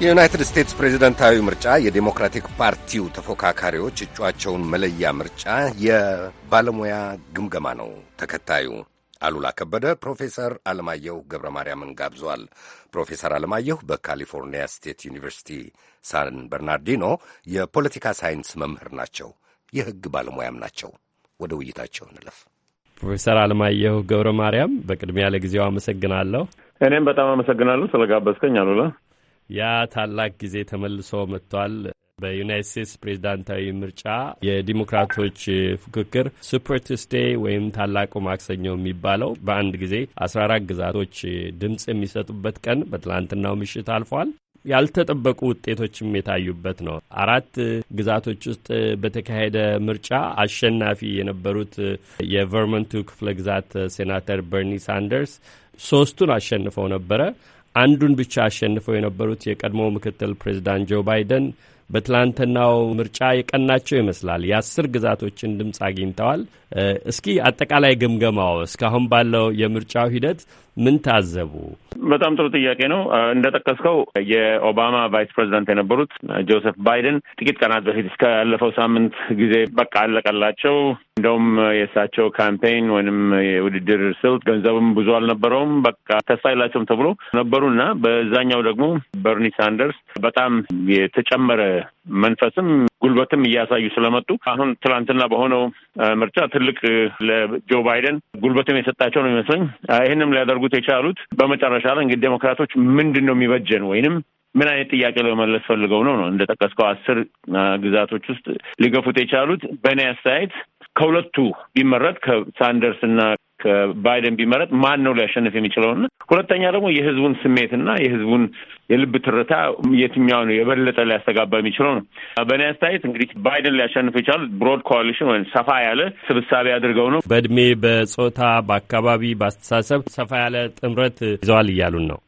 የዩናይትድ ስቴትስ ፕሬዝደንታዊ ምርጫ የዴሞክራቲክ ፓርቲው ተፎካካሪዎች እጩአቸውን መለያ ምርጫ የባለሙያ ግምገማ ነው። ተከታዩ አሉላ ከበደ ፕሮፌሰር አለማየሁ ገብረ ማርያምን ጋብዟል። ፕሮፌሰር አለማየሁ በካሊፎርኒያ ስቴት ዩኒቨርሲቲ ሳን በርናርዲኖ የፖለቲካ ሳይንስ መምህር ናቸው። የሕግ ባለሙያም ናቸው። ወደ ውይይታቸው እንለፍ። ፕሮፌሰር አለማየሁ ገብረ ማርያም በቅድሚያ ለጊዜው አመሰግናለሁ። እኔም በጣም አመሰግናለሁ ስለጋበዝከኝ አሉላ። ያ ታላቅ ጊዜ ተመልሶ መጥቷል። በዩናይት ስቴትስ ፕሬዚዳንታዊ ምርጫ የዲሞክራቶች ፉክክር ሱፐር ቱስዴይ ወይም ታላቁ ማክሰኞ የሚባለው በአንድ ጊዜ አስራ አራት ግዛቶች ድምፅ የሚሰጡበት ቀን በትላንትናው ምሽት አልፏል። ያልተጠበቁ ውጤቶችም የታዩበት ነው። አራት ግዛቶች ውስጥ በተካሄደ ምርጫ አሸናፊ የነበሩት የቨርመንቱ ክፍለ ግዛት ሴናተር በርኒ ሳንደርስ ሶስቱን አሸንፈው ነበረ። አንዱን ብቻ አሸንፈው የነበሩት የቀድሞ ምክትል ፕሬዚዳንት ጆ ባይደን በትላንትናው ምርጫ የቀናቸው ይመስላል። የአስር ግዛቶችን ድምፅ አግኝተዋል። እስኪ አጠቃላይ ግምገማው እስካሁን ባለው የምርጫው ሂደት ምን ታዘቡ? በጣም ጥሩ ጥያቄ ነው። እንደጠቀስከው የኦባማ ቫይስ ፕሬዚዳንት የነበሩት ጆሴፍ ባይደን ጥቂት ቀናት በፊት እስከ ያለፈው ሳምንት ጊዜ በቃ አለቀላቸው። እንደውም የእሳቸው ካምፔይን ወይንም የውድድር ስልት ገንዘብም ብዙ አልነበረውም። በቃ ተስፋ የላቸውም ተብሎ ነበሩ እና በዛኛው ደግሞ በርኒ ሳንደርስ በጣም የተጨመረ መንፈስም ጉልበትም እያሳዩ ስለመጡ አሁን ትላንትና በሆነው ምርጫ ትልቅ ለጆ ባይደን ጉልበትም የሰጣቸው ነው ይመስለኝ ይህንም ሊያደርጉት የቻሉት በመጨረሻ ላይ እንግዲህ ዴሞክራቶች ምንድን ነው የሚበጀን ወይንም ምን አይነት ጥያቄ ለመመለስ ፈልገው ነው ነው እንደ ጠቀስከው አስር ግዛቶች ውስጥ ሊገፉት የቻሉት በእኔ አስተያየት ከሁለቱ ቢመረጥ ከሳንደርስ እና ባይደን ቢመረጥ ማን ነው ሊያሸንፍ የሚችለውና ሁለተኛ ደግሞ የህዝቡን ስሜትና የህዝቡን የልብ ትርታ የትኛው ነው የበለጠ ሊያስተጋባ የሚችለው ነው። በእኔ አስተያየት እንግዲህ ባይደን ሊያሸንፍ ይቻል ብሮድ ኮሊሽን ወይም ሰፋ ያለ ስብሳቤ አድርገው ነው። በእድሜ፣ በጾታ፣ በአካባቢ፣ በአስተሳሰብ ሰፋ ያለ ጥምረት ይዘዋል እያሉን ነው።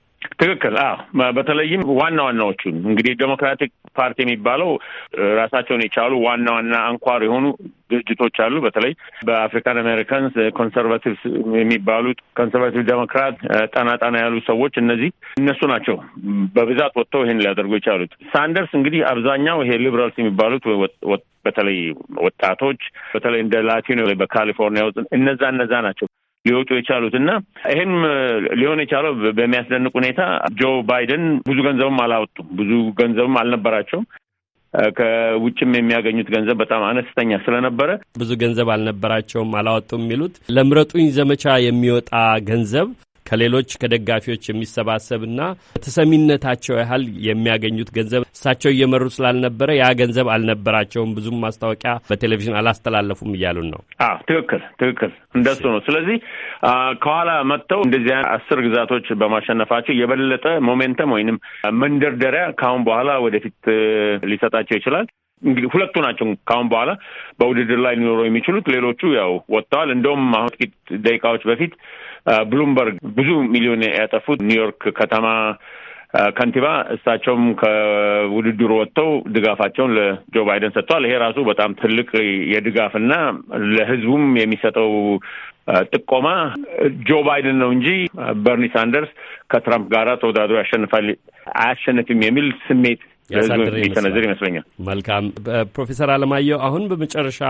ትክክል። አዎ በተለይም ዋና ዋናዎቹን እንግዲህ ዴሞክራቲክ ፓርቲ የሚባለው ራሳቸውን የቻሉ ዋና ዋና አንኳር የሆኑ ድርጅቶች አሉ። በተለይ በአፍሪካን አሜሪካንስ ኮንሰርቫቲቭ የሚባሉት ኮንሰርቫቲቭ ዴሞክራት፣ ጠና ጠና ያሉ ሰዎች እነዚህ እነሱ ናቸው በብዛት ወጥተው ይሄን ሊያደርጉ የቻሉት። ሳንደርስ እንግዲህ አብዛኛው ይሄ ሊብራልስ የሚባሉት በተለይ ወጣቶች በተለይ እንደ ላቲኖ በካሊፎርኒያ ውስጥ እነዛ እነዛ ናቸው ሊወጡ የቻሉት እና ይህም ሊሆን የቻለው በሚያስደንቅ ሁኔታ ጆ ባይደን ብዙ ገንዘብም አላወጡም፣ ብዙ ገንዘብም አልነበራቸውም። ከውጭም የሚያገኙት ገንዘብ በጣም አነስተኛ ስለነበረ ብዙ ገንዘብ አልነበራቸውም፣ አላወጡም የሚሉት ለምረጡኝ ዘመቻ የሚወጣ ገንዘብ ከሌሎች ከደጋፊዎች የሚሰባሰብና ተሰሚነታቸው ያህል የሚያገኙት ገንዘብ እሳቸው እየመሩ ስላልነበረ ያ ገንዘብ አልነበራቸውም፣ ብዙም ማስታወቂያ በቴሌቪዥን አላስተላለፉም እያሉን ነው። ትክክል ትክክል፣ እንደሱ ነው። ስለዚህ ከኋላ መጥተው እንደዚህ አስር ግዛቶች በማሸነፋቸው የበለጠ ሞሜንተም ወይንም መንደርደሪያ ከአሁን በኋላ ወደፊት ሊሰጣቸው ይችላል። እንግዲህ ሁለቱ ናቸው ካሁን በኋላ በውድድር ላይ ሊኖረው የሚችሉት። ሌሎቹ ያው ወጥተዋል። እንደውም አሁን ጥቂት ደቂቃዎች በፊት ብሉምበርግ ብዙ ሚሊዮን ያጠፉት ኒውዮርክ ከተማ ከንቲባ እሳቸውም ከውድድሩ ወጥተው ድጋፋቸውን ለጆ ባይደን ሰጥተዋል። ይሄ ራሱ በጣም ትልቅ የድጋፍና ለህዝቡም የሚሰጠው ጥቆማ ጆ ባይደን ነው እንጂ በርኒ ሳንደርስ ከትራምፕ ጋር ተወዳድሮ ያሸንፋል አያሸንፍም የሚል ስሜት ያሳድር ይመስለኛል። መልካም ፕሮፌሰር አለማየሁ አሁን በመጨረሻ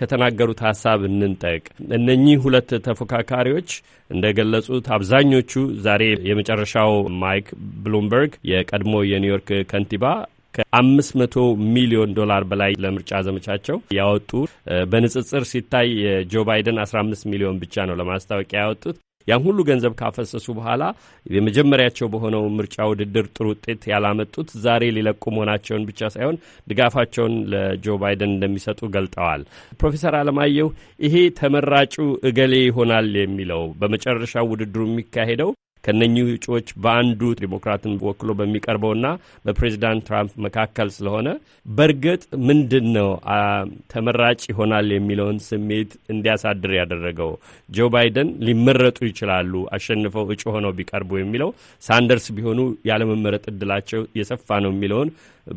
ከተናገሩት ሀሳብ እንንጠቅ። እነኚህ ሁለት ተፎካካሪዎች እንደ ገለጹት አብዛኞቹ ዛሬ የመጨረሻው ማይክ ብሉምበርግ የቀድሞ የኒውዮርክ ከንቲባ ከአምስት መቶ ሚሊዮን ዶላር በላይ ለምርጫ ዘመቻቸው ያወጡ በንጽጽር ሲታይ የጆ ባይደን አስራ አምስት ሚሊዮን ብቻ ነው ለማስታወቂያ ያወጡት። ያም ሁሉ ገንዘብ ካፈሰሱ በኋላ የመጀመሪያቸው በሆነው ምርጫ ውድድር ጥሩ ውጤት ያላመጡት ዛሬ ሊለቁ መሆናቸውን ብቻ ሳይሆን ድጋፋቸውን ለጆ ባይደን እንደሚሰጡ ገልጠዋል። ፕሮፌሰር አለማየሁ ይሄ ተመራጩ እገሌ ይሆናል የሚለው በመጨረሻው ውድድሩ የሚካሄደው ከነኚህ እጩዎች በአንዱ ዴሞክራትን ወክሎ በሚቀርበውና በፕሬዚዳንት ትራምፕ መካከል ስለሆነ በእርግጥ ምንድን ነው ተመራጭ ይሆናል የሚለውን ስሜት እንዲያሳድር ያደረገው? ጆ ባይደን ሊመረጡ ይችላሉ አሸንፈው እጩ ሆነው ቢቀርቡ የሚለው ሳንደርስ ቢሆኑ ያለመመረጥ እድላቸው የሰፋ ነው የሚለውን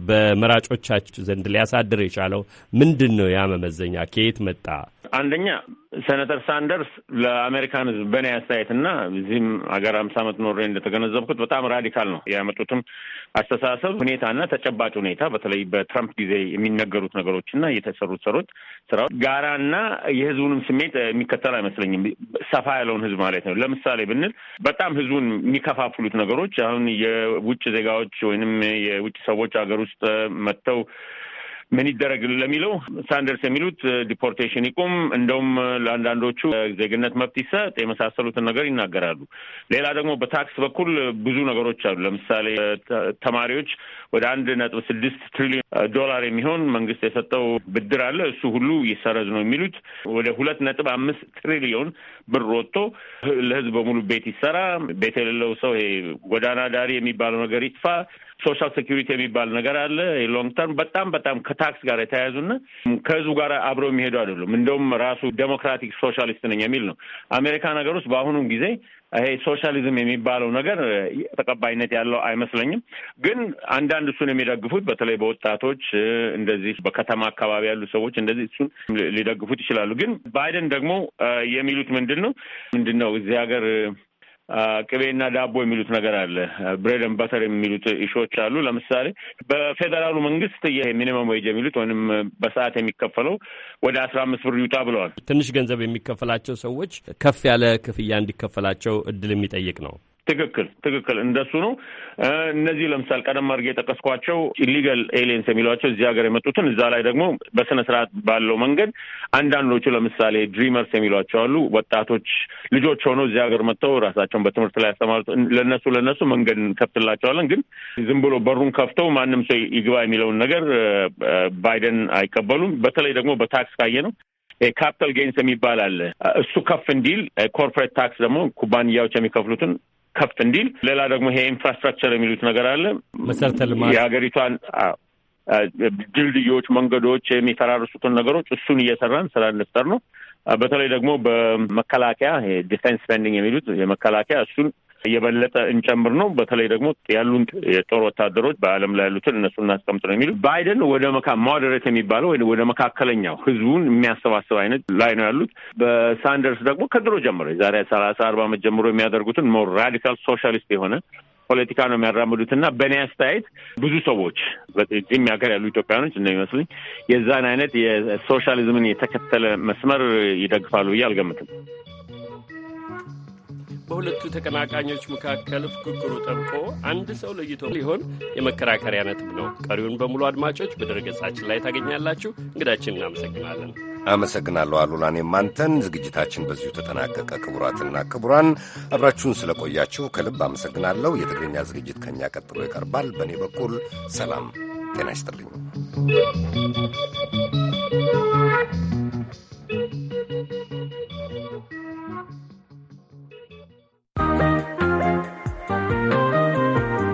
በመራጮቻችሁ ዘንድ ሊያሳድር የቻለው ምንድን ነው? ያ መመዘኛ ከየት መጣ? አንደኛ ሴነተር ሳንደርስ ለአሜሪካን ህዝብ በእኔ አስተያየት እና እዚህም ሀገር አምስት ዓመት ኖሬ እንደተገነዘብኩት በጣም ራዲካል ነው ያመጡትም አስተሳሰብ ሁኔታና ተጨባጭ ሁኔታ በተለይ በትራምፕ ጊዜ የሚነገሩት ነገሮች እና የተሰሩት ሰሮች ስራ ጋራና የህዝቡንም ስሜት የሚከተል አይመስለኝም። ሰፋ ያለውን ህዝብ ማለት ነው። ለምሳሌ ብንል በጣም ህዝቡን የሚከፋፍሉት ነገሮች አሁን የውጭ ዜጋዎች ወይንም የውጭ ሰዎች ሀገር ውስጥ መጥተው ምን ይደረግ ለሚለው ሳንደርስ የሚሉት ዲፖርቴሽን ይቁም፣ እንደውም ለአንዳንዶቹ ዜግነት መብት ይሰጥ የመሳሰሉትን ነገር ይናገራሉ። ሌላ ደግሞ በታክስ በኩል ብዙ ነገሮች አሉ። ለምሳሌ ተማሪዎች ወደ አንድ ነጥብ ስድስት ትሪሊዮን ዶላር የሚሆን መንግስት የሰጠው ብድር አለ። እሱ ሁሉ ይሰረዝ ነው የሚሉት። ወደ ሁለት ነጥብ አምስት ትሪሊዮን ብር ወጥቶ ለህዝብ በሙሉ ቤት ይሰራ፣ ቤት የሌለው ሰው ይሄ ጎዳና ዳሪ የሚባለው ነገር ይጥፋ፣ ሶሻል ሴኪሪቲ የሚባል ነገር አለ። የሎንግ ተርም በጣም በጣም ከታክስ ጋር የተያያዙና ከህዝቡ ጋር አብረው የሚሄዱ አይደሉም። እንደውም ራሱ ዴሞክራቲክ ሶሻሊስት ነኝ የሚል ነው። አሜሪካ ነገር ውስጥ በአሁኑ ጊዜ ይሄ ሶሻሊዝም የሚባለው ነገር ተቀባይነት ያለው አይመስለኝም። ግን አንዳንድ እሱን የሚደግፉት በተለይ በወጣቶች እንደዚህ በከተማ አካባቢ ያሉ ሰዎች እንደዚህ እሱን ሊደግፉት ይችላሉ። ግን ባይደን ደግሞ የሚሉት ምንድን ነው ምንድን ነው እዚህ ሀገር ቅቤና ዳቦ የሚሉት ነገር አለ። ብሬድን በተር የሚሉት እሾች አሉ። ለምሳሌ በፌዴራሉ መንግስት የሚኒመም ወይጅ የሚሉት ወይም በሰዓት የሚከፈለው ወደ አስራ አምስት ብር ይውጣ ብለዋል። ትንሽ ገንዘብ የሚከፈላቸው ሰዎች ከፍ ያለ ክፍያ እንዲከፈላቸው እድል የሚጠይቅ ነው። ትክክል ትክክል እንደሱ ነው። እነዚህ ለምሳሌ ቀደም አድርጌ የጠቀስኳቸው ኢሊጋል ኤሊየንስ የሚሏቸው እዚህ ሀገር የመጡትን እዛ ላይ ደግሞ በስነ ስርዓት ባለው መንገድ አንዳንዶቹ ለምሳሌ ድሪመርስ የሚሏቸው አሉ። ወጣቶች ልጆች ሆነው እዚህ ሀገር መጥተው ራሳቸውን በትምህርት ላይ ያስተማሩት ለነሱ ለነሱ መንገድ እንከፍትላቸዋለን። ግን ዝም ብሎ በሩን ከፍተው ማንም ሰው ይግባ የሚለውን ነገር ባይደን አይቀበሉም። በተለይ ደግሞ በታክስ ካየ ነው ካፒታል ጌንስ የሚባል አለ። እሱ ከፍ እንዲል ኮርፖሬት ታክስ ደግሞ ኩባንያዎች የሚከፍሉትን ከፍ እንዲል፣ ሌላ ደግሞ ይሄ ኢንፍራስትራክቸር የሚሉት ነገር አለ። መሰረተ ልማት የሀገሪቷን ድልድዮች፣ መንገዶች፣ የሚፈራርሱትን ነገሮች እሱን እየሰራን ስራ እንፍጠር ነው። በተለይ ደግሞ በመከላከያ ዲፌንስ ስፔንዲንግ የሚሉት የመከላከያ እሱን የበለጠ እንጨምር ነው። በተለይ ደግሞ ያሉን የጦር ወታደሮች በዓለም ላይ ያሉትን እነሱ እናስቀምጥ ነው የሚሉት ባይደን ወደ መካ ማደሬት የሚባለው ወደ መካከለኛው ህዝቡን የሚያሰባስብ አይነት ላይ ነው ያሉት። በሳንደርስ ደግሞ ከድሮ ጀምሮ የዛሬ ሰላሳ አርባ ዓመት ጀምሮ የሚያደርጉትን ሞር ራዲካል ሶሻሊስት የሆነ ፖለቲካ ነው የሚያራምዱት እና በእኔ አስተያየት ብዙ ሰዎች በዚህም ሀገር ያሉ ኢትዮጵያኖች እንደሚመስልኝ የዛን አይነት የሶሻሊዝምን የተከተለ መስመር ይደግፋሉ ብዬ አልገምትም። በሁለቱ ተቀናቃኞች መካከል ፉክክሩ ጠብቆ አንድ ሰው ለይቶ ሊሆን የመከራከሪያ ነጥብ ነው። ቀሪውን በሙሉ አድማጮች በድረገጻችን ላይ ታገኛላችሁ። እንግዳችን እናመሰግናለን። አመሰግናለሁ አሉላን የማንተን። ዝግጅታችን በዚሁ ተጠናቀቀ። ክቡራትና ክቡራን አብራችሁን ስለቆያችሁ ከልብ አመሰግናለሁ። የትግርኛ ዝግጅት ከእኛ ቀጥሎ ይቀርባል። በእኔ በኩል ሰላም ጤና ይስጥልኝ።